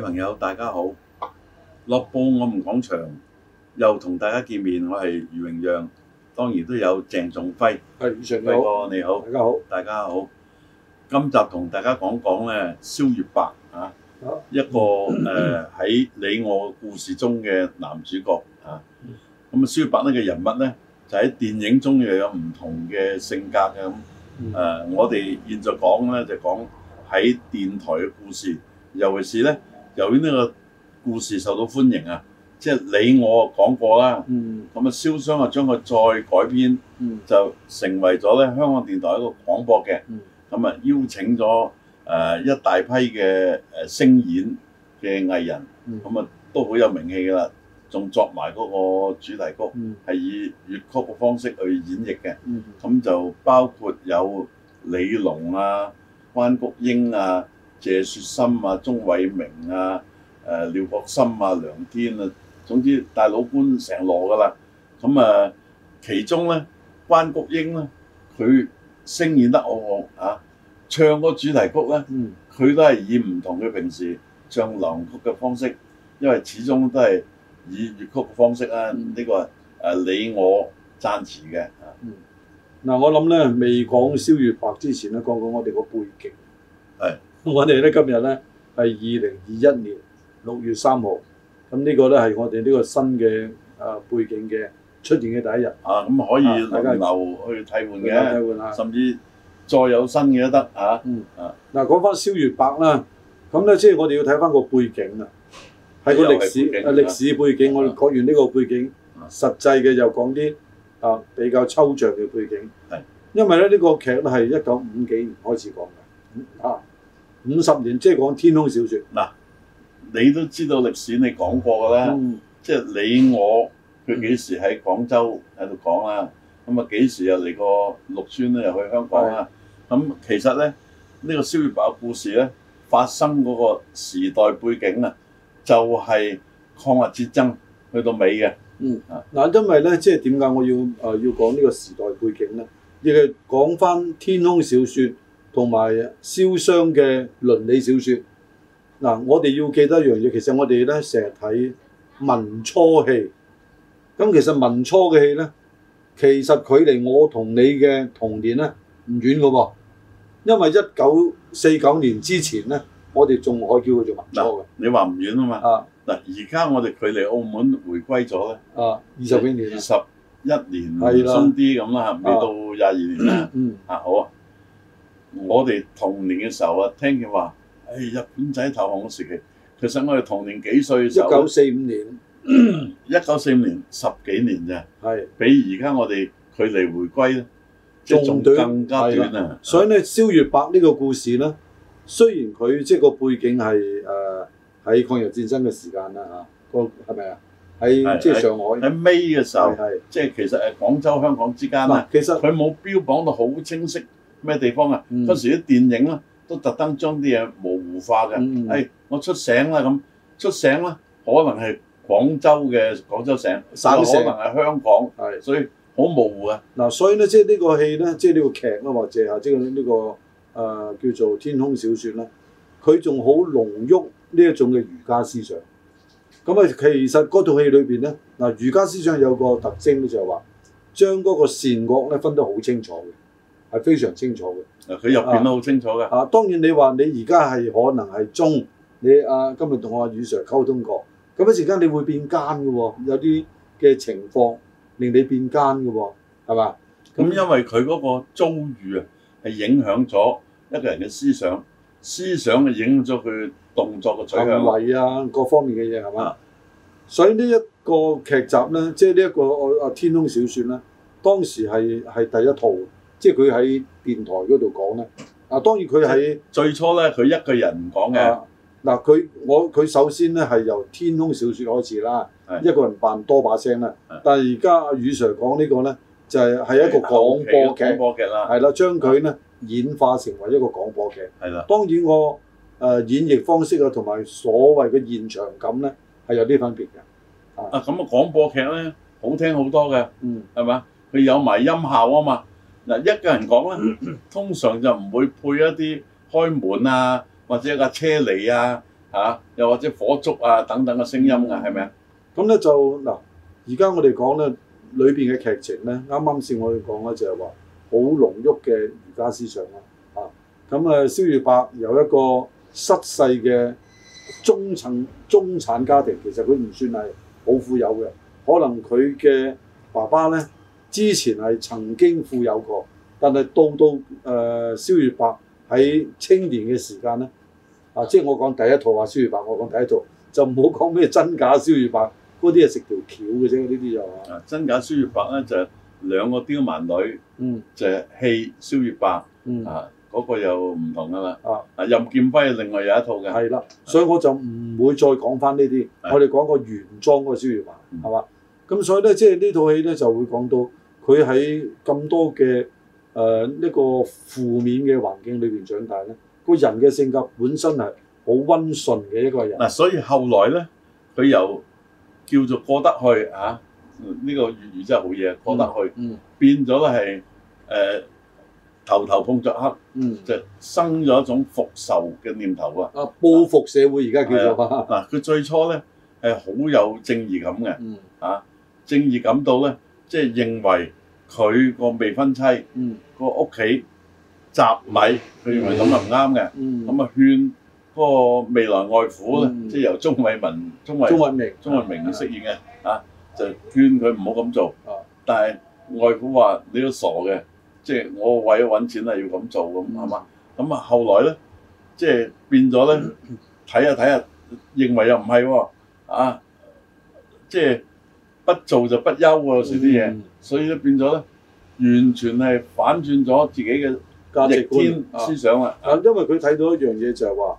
朋友，大家好！樂報我們講場，又同大家見面。我係余榮陽，當然都有鄭仲輝。係，餘仲輝哥你好，大家好，大家好。今集同大家講講咧，蕭月白啊，一個誒喺你我故事中嘅男主角啊。咁啊，蕭月白呢個人物咧，就喺電影中又有唔同嘅性格嘅。誒，我哋現在講咧就講喺電台嘅故事，尤其是咧。由於呢個故事受到歡迎啊，即係你我講過啦，咁啊、嗯，蕭商啊將佢再改編，嗯、就成為咗咧香港電台一個廣播劇，咁啊、嗯、邀請咗誒、呃、一大批嘅誒聲演嘅藝人，咁啊、嗯、都好有名氣㗎啦，仲作埋嗰個主題曲，係、嗯、以粵曲嘅方式去演繹嘅，咁、嗯、就包括有李龍啊、關菊英啊。謝雪心啊、鍾偉明啊、誒、啊、廖國森啊、梁天啊，總之大佬官成羅噶啦。咁啊，其中咧關菊英咧，佢聲演得好好啊，啊，唱嗰主題曲咧，佢都係以唔同嘅平時唱流曲嘅方式，因為始終都係以粵曲嘅方式啊。呢、這個誒你、啊、我贊詞嘅。嗱、啊嗯啊，我諗咧未講蕭月白之前咧，講講我哋個背景。係。我哋咧今日咧係二零二一年六月三號，咁呢個咧係我哋呢個新嘅啊背景嘅出現嘅第一日啊，咁可以大家留去替換嘅，替換甚至再有新嘅都得嚇。嗯、啊，嗱講翻《蕭月白》啦，咁咧即係我哋要睇翻個背景啦，係個歷史歷史背景。嗯、我哋講完呢個背景，嗯、實際嘅又講啲啊比較抽象嘅背景，係的因為咧呢個劇咧係一九五幾年開始講。五十年，即係講《天空小説》嗱、啊，你都知道歷史，你講過㗎啦。嗯、即係你我佢幾時喺廣州喺度講啦？咁啊幾時又嚟過陸川咧又去香港啦？咁、嗯啊啊、其實咧呢、呢個蕭月白嘅故事咧發生嗰個時代背景啊，就係、是、抗日戰爭去到尾嘅。嗯啊，嗱，因為咧即係點解我要誒、呃、要講呢個時代背景咧？亦係講翻《天空小説》。同埋燒傷嘅倫理小説嗱，我哋要記得一樣嘢，其實我哋咧成日睇民初戲，咁其實民初嘅戲咧，其實距離我同你嘅童年咧唔遠噶噃，因為一九四九年之前咧，我哋仲可以叫佢做民初嘅。你話唔遠啊嘛？啊嗱，而家我哋距離澳門回歸咗咧，啊二十幾年，二十的、嗯、一年鬆啲咁啦，未到廿二年啦。嗯啊，好 啊。 我哋童年嘅時候啊，聽佢話，誒、哎、日本仔投降嘅時期，其實我哋童年幾歲嘅時候？一九四五年，一九四五年十幾年咋，係是比而家我哋距離回歸咧，仲對更加短啊！所以咧，蕭月白呢個故事咧，雖然佢即係個背景係誒喺抗日戰爭嘅時間啦嚇，個係咪啊？喺即係上海，喺尾嘅時候，即係的其實誒廣州香港之間啦，其實佢冇標榜到好清晰。咩地方啊？嗰、嗯、時啲電影咧都特登將啲嘢模糊化嘅。誒、嗯欸，我出省啦咁，出省啦，可能係廣州嘅廣州省城，但可能係香港，係的所以好模糊啊。嗱，所以咧即係呢個戲咧，即係呢個劇啊，或者係即係、這、呢個誒、呃、叫做《天空小説》啦，佢仲好濃郁呢一種嘅儒家思想。咁、嗯、啊，其實嗰套戲裏邊咧，嗱儒家思想有個特徵咧，就係話將嗰個善惡咧分得好清楚嘅。係非常清楚嘅，佢入邊都好清楚嘅、啊。啊，當然你話你而家係可能係中，你啊今日同我阿、啊、宇 Sir 溝通過，咁一時間你會變奸嘅喎、哦，有啲嘅情況令你變奸嘅喎、哦，係嘛？咁、嗯嗯、因為佢嗰個遭遇啊，係影響咗一個人嘅思想，思想啊影響咗佢動作嘅取向啊，各方面嘅嘢係嘛？啊、所以呢一個劇集咧，即係呢一個《天空小説》咧，當時係係第一套。即係佢喺電台嗰度講咧，嗱當然佢喺最初咧，佢一個人唔講嘅。嗱佢我佢首先咧係由天空小説開始啦，一個人扮多把聲啦。但係而家阿宇 sir 講呢個咧，就係係一個廣播劇，廣播劇啦，係啦，將佢咧演化成為一個廣播劇。係啦，當然我誒演繹方式啊，同埋所謂嘅現場感咧，係有啲分別嘅。啊咁啊，廣播劇咧好聽好多嘅，嗯，係咪？佢有埋音效啊嘛。嗱一個人講咧、嗯嗯，通常就唔會配一啲開門啊，或者一架車嚟啊，嚇、啊，又或者火燭啊等等嘅聲音㗎，係咪啊？咁咧、嗯、就嗱，而家我哋講咧，裏邊嘅劇情咧，啱啱先我哋講咧就係話好濃郁嘅儒家思想啦、啊，啊，咁、嗯、啊，蕭月白有一個失勢嘅中層中產家庭，其實佢唔算係好富有嘅，可能佢嘅爸爸咧。之前係曾經富有過，但係到到誒、呃、蕭月白喺青年嘅時間咧，啊即係我講第一套話蕭月白，我講第一套就唔好講咩真假蕭月白嗰啲係食條橋嘅啫，呢啲就係、係、啊真假蕭月白咧就係、兩個刁蠻女，嗯，就係戲蕭月白，嗯、啊嗰、嗰個又唔同噶嘛，啊啊任劍輝另外有一套嘅，係啦，所以我就唔會再講翻呢啲，的我哋講個原裝嗰個蕭月白係嘛？咁、嗯、所以咧即係呢套戲咧就會講到。佢喺咁多嘅誒呢個負面嘅環境裏邊長大咧，個人嘅性格本身係好溫順嘅一個人嗱、啊，所以後來咧佢又叫做過得去嚇，呢、啊這個粵語真係好嘢過得去，嗯嗯、變咗係誒頭頭碰着黑，就、嗯嗯、生咗一種復仇嘅念頭啊！啊，報復社會而家叫做啊，佢、啊啊、最初咧係好有正義感嘅嚇、啊，正義感到咧即係認為。佢個未婚妻個屋企雜米，佢認為咁就唔啱嘅，咁啊勸嗰個未來外父咧，即係由鍾偉明，鍾偉鍾偉明，鍾偉明飾演嘅啊，就勸佢唔好咁做。但係外父話：你都傻嘅，即係我為咗揾錢係要咁做咁，係嘛？咁啊後來咧，即係變咗咧，睇下睇下，認為又唔係喎啊！即係。不做就不休啊！少啲嘢，所以咧變咗咧，完全係反轉咗自己嘅價值觀思想啦。啊，因為佢睇到一樣嘢就係話：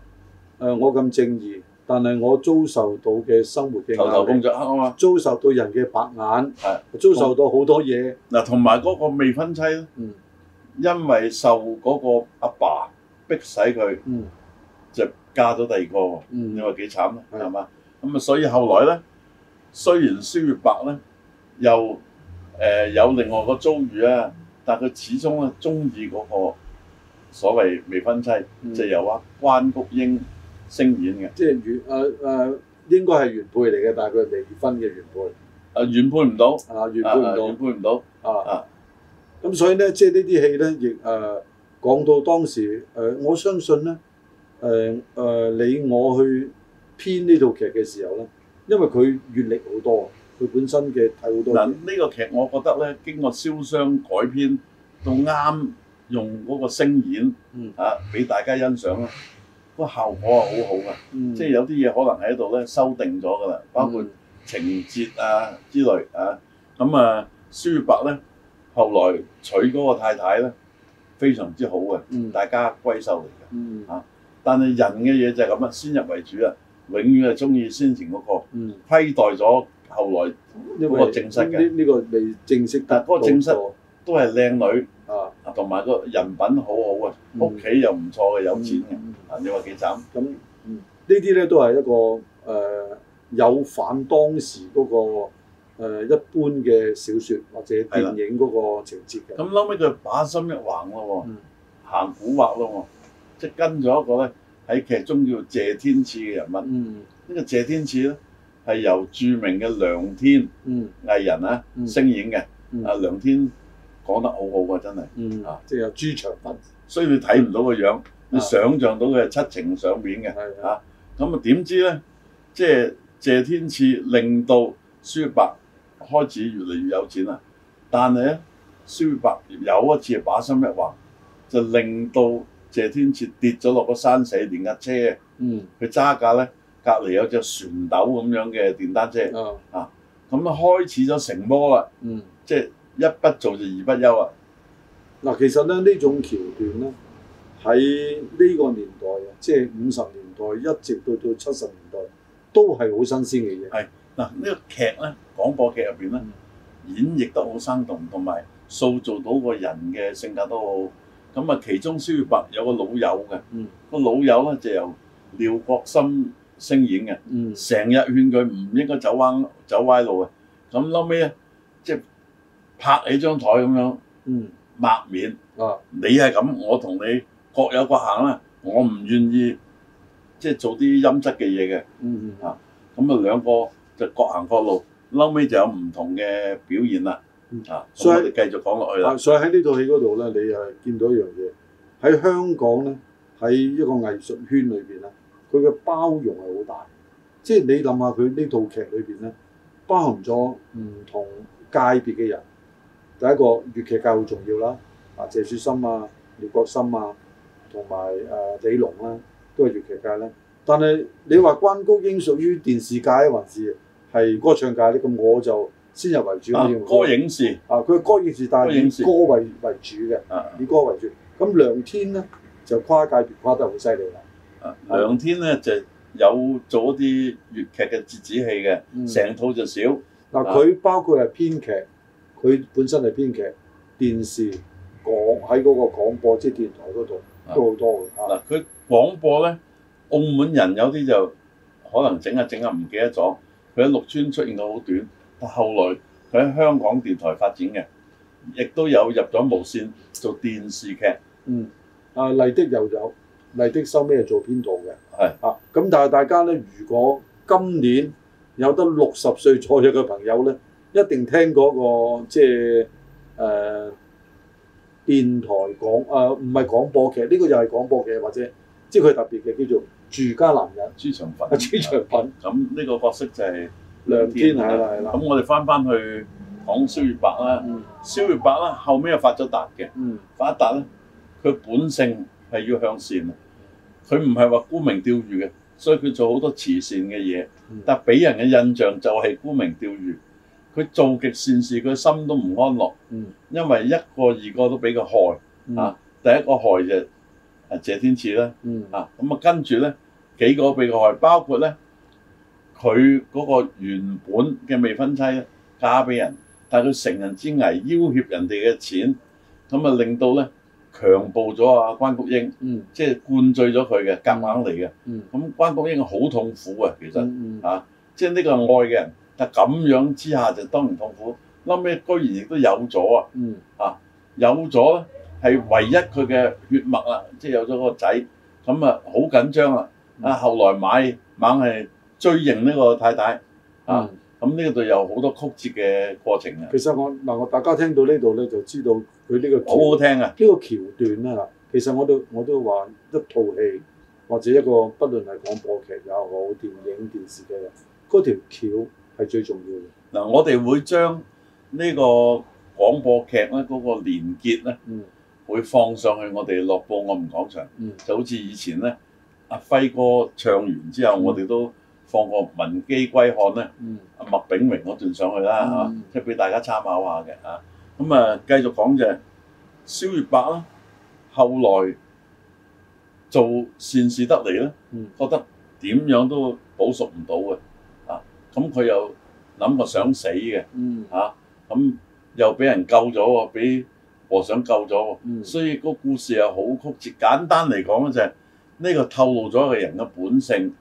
誒，我咁正義，但係我遭受到嘅生活嘅頭頭工作啊嘛，遭受到人嘅白眼，係遭受到好多嘢。嗱，同埋嗰個未婚妻咧，因為受嗰個阿爸逼使佢，就嫁咗第二個。嗯，你話幾慘啦？係嘛？咁啊，所以後來咧。雖然蕭月白咧，又誒有另外個遭遇啊，但佢始終咧中意嗰個所謂未婚妻，即係由阿關菊英聲演嘅。即係原誒誒應該係原配嚟嘅，但係佢係未婚嘅原配。啊，原配唔到啊，原配唔到，原配唔到啊。咁所以咧，即係呢啲戲咧，亦誒講到當時誒，我相信咧，誒誒你我去編呢套劇嘅時候咧。因為佢閱歷好多，佢本身嘅睇好多。嗱呢個劇，我覺得咧經過蕭商改編，到啱用嗰個聲演嚇俾、嗯啊、大家欣賞啊！個、嗯、效果係好好嘅，嗯、即係有啲嘢可能喺度咧修訂咗噶啦，包括情節啊之類啊。咁啊，月白咧後來娶嗰個太太咧，非常之好嘅，嗯、大家閨秀嚟嘅㗎。但係人嘅嘢就係咁啊，先入為主啊！永遠係中意先前嗰，那個、嗯、批代咗後來呢個正室嘅，呢呢、這個未正式。但係嗰個正室都係靚女啊，同埋個人品好好啊，屋企、嗯、又唔錯嘅，有錢嘅啊，嗯、你話幾慘？咁呢啲咧都係一個誒、呃、有返當時嗰個、呃、一般嘅小説、或者電影嗰個情節嘅。咁的、嗯、後尾佢把心一橫咯喎，嗯、行古惑咯喎，即係跟咗一個咧。喺劇中叫謝天賜嘅人物，呢個、嗯、謝天賜咧係由著名嘅梁天藝人啊聲演嘅，阿梁天講得好好啊，真係啊、嗯，即係有珠長文所以你睇唔到個樣，嗯、你想象到佢係七情上面嘅嚇，咁啊點、啊啊、知咧，即係謝天賜令到舒伯開始越嚟越有錢啦，但係咧舒伯有一次把心一橫，就令到。謝天哲跌咗落個山死電壓車，嗯，佢揸架咧，隔離有隻船斗咁樣嘅電單車，嗯、啊，咁啊開始咗成魔啦，嗯，即係一不做就二不休啊。嗱，其實咧呢種橋段咧喺呢個年代，即係五十年代一直到到七十年代都係好新鮮嘅嘢。係，嗱、啊、呢、呢個劇咧廣播劇入邊咧演繹得好生動，同埋塑造到個人嘅性格都好。咁啊，其中蕭月白有個老友嘅，個、嗯、老友咧就是、由廖國森聲演嘅，成日、嗯、勸佢唔應該走彎走歪路嘅。咁嬲尾，咧，即係拍起張枱咁樣，嗯、抹面，啊、你係咁，我同你各有各行啦。我唔願意即係、就是、做啲陰質嘅嘢嘅。嗯、啊，咁啊兩個就各行各路，嬲尾就有唔同嘅表現啦。啊，繼所以繼續講落去啦。所以喺呢套戲嗰度咧，你係見到一樣嘢，喺香港咧，喺一個藝術圈裏邊咧，佢嘅包容係好大。即係你諗下，佢呢套劇裏邊咧，包含咗唔同界別嘅人。第一個粵劇界好重要啦，啊謝雪啊心啊、廖國森啊，同埋誒李龍啦，都係粵劇界咧。但係你話關菊英屬於電視界啊，還是係歌唱界呢？咁我就～先入為主，歌影視啊，佢歌影視，但係以歌為為主嘅，以歌為主。咁梁天咧就跨界別跨得好犀利啦。啊，梁天咧就有咗啲粵劇嘅折子戲嘅，成套就少。嗱，佢包括係編劇，佢本身係編劇，電視、廣喺嗰個廣播即係電台嗰度都好多嘅。嗱，佢廣播咧，澳門人有啲就可能整下整下唔記得咗，佢喺綠村出現到好短。但後來佢喺香港電台發展嘅，亦都有入咗無線做電視劇。嗯，啊麗的又有，麗的收尾做編導嘅？係是啊，咁但係大家咧，如果今年有得六十歲左右嘅朋友咧，一定聽過、嗰個即係誒、呃、電台廣，啊唔係廣播劇，呢、這個又係廣播劇或者即係佢特別嘅叫做住家男人。朱腸粉」。朱腸粉。咁呢個角色就係、是。梁天係啦，係啦。咁我哋翻翻去講蕭月白啦。蕭月白啦，後尾又發咗達嘅。發一達咧，佢本性係要向善啊。佢唔係話沽名釣譽嘅，所以佢做好多慈善嘅嘢。但俾人嘅印象就係沽名釣譽。佢做極善事，佢心都唔安樂。因為一個二個都俾佢害啊。第一個害就係阿謝天慈啦。啊咁啊，跟住咧幾個俾佢害，包括咧。佢嗰個原本嘅未婚妻咧，嫁俾人，但係佢成人之危，要挾人哋嘅錢，咁啊令到咧強暴咗阿關菊英，即係、嗯、灌醉咗佢嘅，夾硬嚟嘅。咁、嗯嗯、關菊英好痛苦啊，其實嚇、啊，即係呢個愛嘅人，但咁樣之下就當然痛苦。冧尾居然亦都有咗啊，啊有咗係唯一佢嘅血脈啦，即係有咗嗰個仔，咁啊好緊張啊，啊後來買猛係。追認呢個太太嚇，咁呢度有好多曲折嘅過程好好啊！其實我嗱，我大家聽到呢度咧，就知道佢呢個好好聽啊！呢個橋段咧，嗱，其實我都我都話一套戲或者一個，不論係廣播劇又好、電影、電視劇啊，嗰條橋係最重要嘅。嗱、嗯，我哋會將呢個廣播劇咧嗰個連結咧，嗯，會放上去我哋樂報我們講場，嗯，就好似以前咧，阿輝哥唱完之後，嗯、我哋都。放個文姬歸漢咧，阿麥炳榮嗰段上去啦嚇，即係俾大家參考下嘅嚇。咁啊，繼續講就係蕭月白啦，後來做善事得嚟咧，覺得點樣都補贖唔到嘅啊。咁佢又諗個想死嘅嚇，咁又俾人救咗喎，俾和尚救咗喎。所以個故事又好曲折。簡單嚟講咧，就係呢個透露咗一個人嘅本性。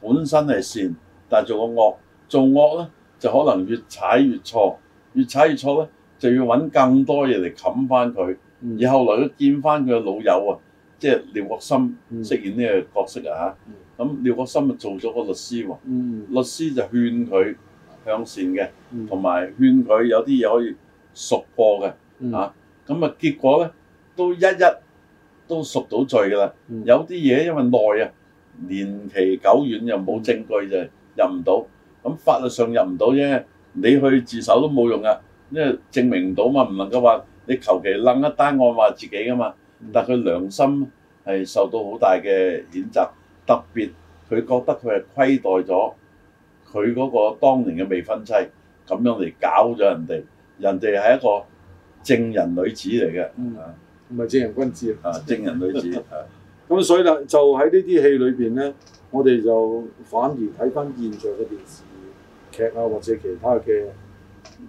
本身係善，但係做個惡，做惡咧就可能越踩越錯，越踩越錯咧就要揾更多嘢嚟冚翻佢。而後來佢見翻佢嘅老友啊，即係廖國森，飾演呢個角色、嗯、啊嚇，咁廖國森啊做咗個律師喎，嗯、律師就勸佢向善嘅，同埋、嗯、勸佢有啲嘢可以贖過嘅嚇。咁、嗯、啊結果咧都一一一都贖到罪㗎啦，有啲嘢因為耐啊。年期久遠又冇證據就入唔到，咁法律上入唔到啫。你去自首都冇用啊，因為證明唔到嘛，唔能夠話你求其擸一單案話自己噶嘛。但佢良心係受到好大嘅譴責，特別佢覺得佢係虧待咗佢嗰個當年嘅未婚妻，咁樣嚟搞咗人哋。人哋係一個正人女子嚟嘅，唔係正人君子啊，正人女子啊。咁所以啦，就喺呢啲戲裏邊咧，我哋就反而睇翻現在嘅電視劇啊，或者其他嘅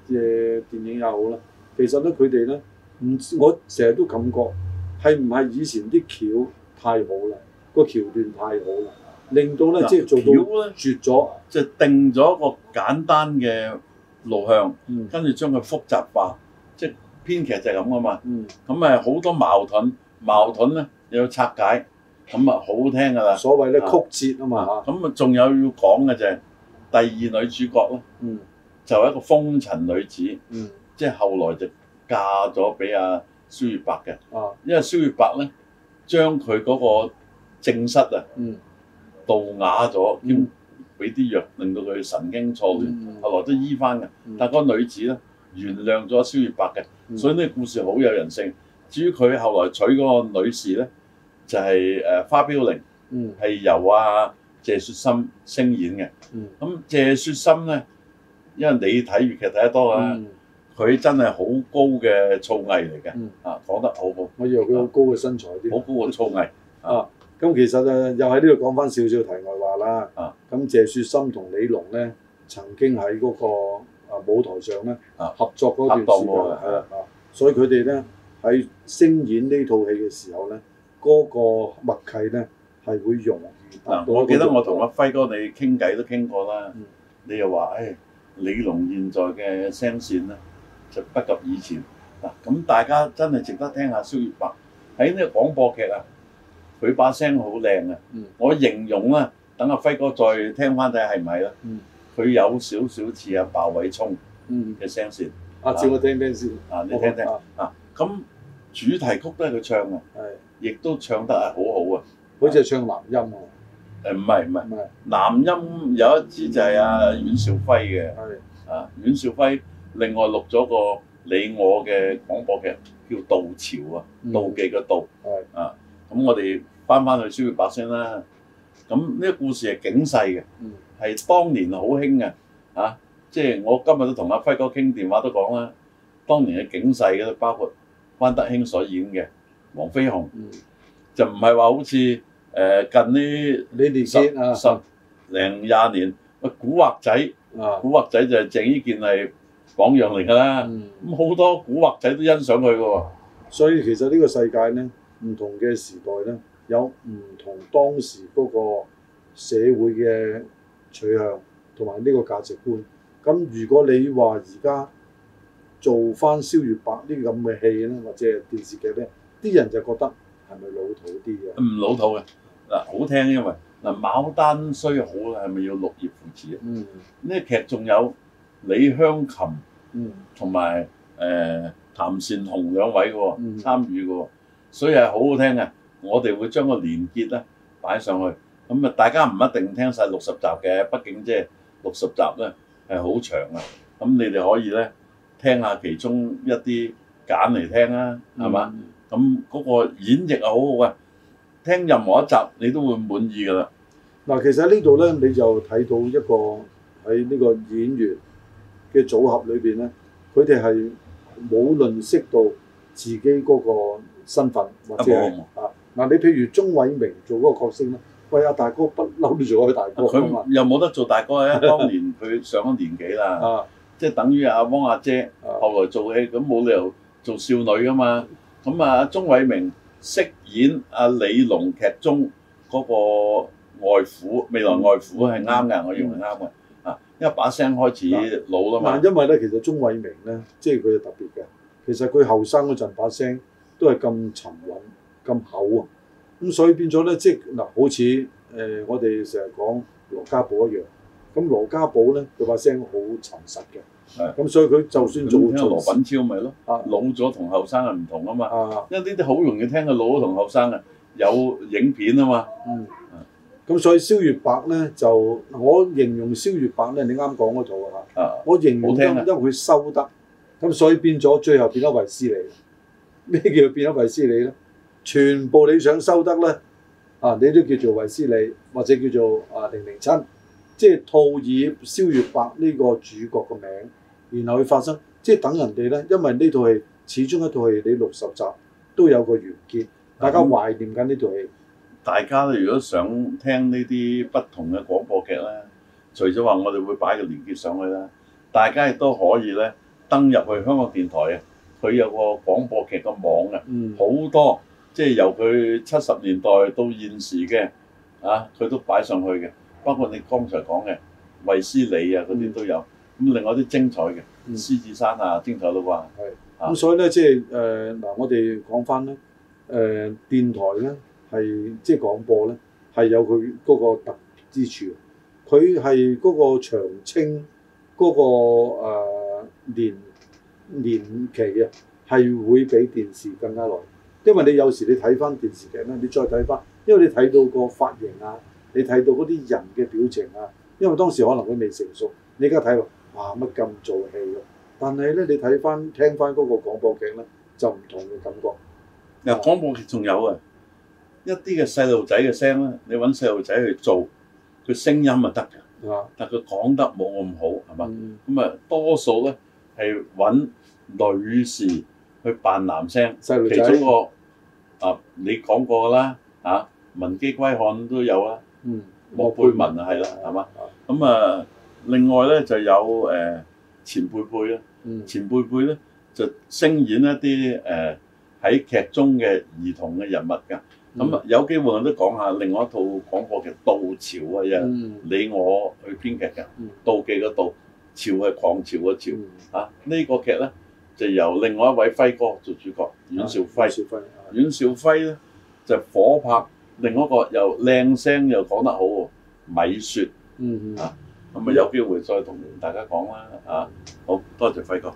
嘅電影又好啦。其實咧，佢哋咧，唔我成日都感覺係唔係以前啲橋太好啦，個橋段太好啦，令到咧即係做到呢絕咗，即係、定咗一個簡單嘅路向，跟住、嗯、將佢複雜化，即係編劇就係咁啊嘛。咁誒好多矛盾，矛盾咧。嗯有拆解咁啊，好好聽㗎啦！所謂咧，曲折啊嘛，咁啊仲有要講嘅就係第二女主角咯，就係一個風塵女子，即係後來就嫁咗俾阿蕭月白嘅。因為蕭月白咧將佢嗰個正室啊盜啞咗，兼俾啲藥令到佢神經錯亂，後來都醫翻嘅。但係嗰個女子咧原諒咗蕭月白嘅，所以呢個故事好有人性。至於佢後來娶嗰個女士咧。就係誒《花彪令》，係由阿謝雪心聲演嘅。咁謝雪心咧，因為你睇粵劇睇得多啊，佢真係好高嘅醋藝嚟嘅，啊，講得好好。我以為佢好高嘅身材啲。好高嘅醋藝啊！咁其實誒又喺呢度講翻少少題外話啦。啊！咁謝雪心同李龍咧，曾經喺嗰個啊舞台上咧合作過一段時間啊，所以佢哋咧喺聲演呢套戲嘅時候咧。嗰個默契咧係會容易。嗱，我記得我同阿輝哥你傾偈都傾過啦，嗯、你又話誒李龍現在嘅聲線咧就不及以前，嗱、啊，咁大家真係值得聽下蕭月白喺呢個廣播劇啊，佢把聲好靚啊，嗯、我形容啊，等阿輝哥再聽翻睇係咪咯，佢、嗯、有少少似阿鮑偉聰嘅聲線，嗯、啊，照，我聽聽先，啊，你聽聽，啊，咁、啊、主題曲都係佢唱嘅、啊。亦都唱得係好好啊！好似係唱南音啊！誒唔係唔係南音有一支就係阿阮兆輝嘅。係的啊，阮兆輝另外錄咗個你我嘅廣播劇叫妒、啊《嗯、妒潮的、啊》啊，妒忌嘅妒》係啊，咁我哋翻翻去《蕭月白聲》啦。咁呢個故事係警世嘅，係當年好興嘅嚇。即係我今日都同阿輝哥傾電話都講啦、啊，當年嘅警世嘅，包括關德興所演嘅。黃飛鴻、嗯、就唔係話好似誒、呃、近呢呢十你年、啊、十零廿年，古惑仔啊！古惑仔就係鄭伊健係榜樣嚟㗎啦。咁好、嗯、多古惑仔都欣賞佢㗎喎。所以其實呢個世界咧，唔同嘅時代咧，有唔同當時嗰個社會嘅取向同埋呢個價值觀。咁如果你話而家做翻《蕭月白》呢咁嘅戲咧，或者電視劇咧？啲人就覺得係咪老土啲嘅？唔老土嘅嗱，好聽，因為嗱，牡丹雖好，係咪要綠葉扶持啊？嗯，呢劇仲有李香琴嗯同埋誒譚善紅兩位嘅、哦、參與嘅、哦，嗯、所以係好好聽嘅。我哋會將個連結咧擺上去，咁啊，大家唔一定聽晒六十集嘅，畢竟即係六十集咧係好長啊。咁你哋可以咧聽下其中一啲揀嚟聽啊，係嘛、嗯？咁嗰個演繹係好好、啊、嘅，聽任何一集你都會滿意㗎啦。嗱，其實呢度咧，你就睇到一個喺呢個演員嘅組合裏邊咧，佢哋係冇論識到自己嗰個身份或者啊，嗱、啊啊，你譬如鍾偉明做嗰個角色咧，喂，阿大哥不嬲都做阿大哥佢、啊、又冇得做大哥啊， 當年佢上咗年紀啦，啊、即係等於阿汪阿姐後來做戲咁冇、啊啊、理由做少女噶嘛。咁啊，鍾偉明飾演阿李龍劇中嗰個外父，未來外父係啱嘅，我認為啱嘅啊，因為把聲開始老啦嘛、嗯嗯。因為咧，其實鍾偉明咧，即係佢特別嘅，其實佢後生嗰陣把聲都係咁沉穩咁厚啊，咁所以變咗咧，即係嗱，好似誒我哋成日講羅家寶一樣。咁羅家寶咧，佢把聲好沉實嘅，咁所以佢就算做做，聽羅品超咪咯，老咗同後生係唔同啊嘛，因為呢啲好容易聽嘅老咗同後生啊，有影片啊嘛，咁所以蕭月白咧就我形容蕭月白咧，你啱講嗰套啊，我形容佢收得，咁所以變咗最後變咗衛斯理，咩叫變咗衛斯理咧？全部你想收得咧啊，你都叫做衛斯理或者叫做啊零零七。即係套以蕭月白呢個主角個名，然後去發生，即係等人哋呢，因為呢套戲始終一套戲，你六十集都有個完結，大家懷念緊呢套戲。大家如果想聽呢啲不同嘅廣播劇呢，除咗話我哋會擺個連結上去啦，大家亦都可以呢登入去香港電台啊，佢有個廣播劇嘅網嘅，好、嗯、多即係由佢七十年代到現時嘅啊，佢都擺上去嘅。包括你剛才講嘅維斯理啊，嗰啲都有。咁另外啲精彩嘅，嗯、獅子山啊，精彩都啩、啊。係。咁所以咧、就係呃呃，即係誒嗱，我哋講翻咧，誒電台咧係即係廣播咧係有佢嗰、嗰個特別之處。佢係嗰個長青嗰、嗰個、呃、年年期啊，係會比電視更加耐。因為你有時你睇翻電視劇咧，你再睇翻，因為你睇到個髮型啊。你睇到嗰啲人嘅表情啊，因為當時可能佢未成熟。你而家睇喎，哇乜咁做戲咯、啊？但係咧，你睇翻聽翻嗰個廣播劇咧，就唔同嘅感覺。嗱、啊，廣播劇仲有啊，一啲嘅細路仔嘅聲啦，你揾細路仔去做，佢聲音啊得㗎，但係佢講得冇咁好係嘛？咁啊，嗯、多數咧係揾女士去扮男聲，細路其中一個啊，你講過啦嚇、啊，文姬歸漢都有啊。貝文嗯，莫貝文啊，係啦，係嘛，咁啊，另外咧就有誒錢貝貝啦，前貝貝咧就聲演一啲誒喺劇中嘅兒童嘅人物㗎。咁啊、嗯嗯嗯，有機會我都講下另外一套廣播劇《妒潮》啊，嘅你我去編劇嘅，妒忌嗰妒，潮係狂潮嗰潮啊。呢個劇咧就由另外一位輝哥做主角，阮兆輝，啊嗯啊、阮兆輝咧就火拍。另一個又靚聲又講得好喎，米雪、嗯、啊，咁啊有機會再同大家講啦，啊，好多謝輝哥。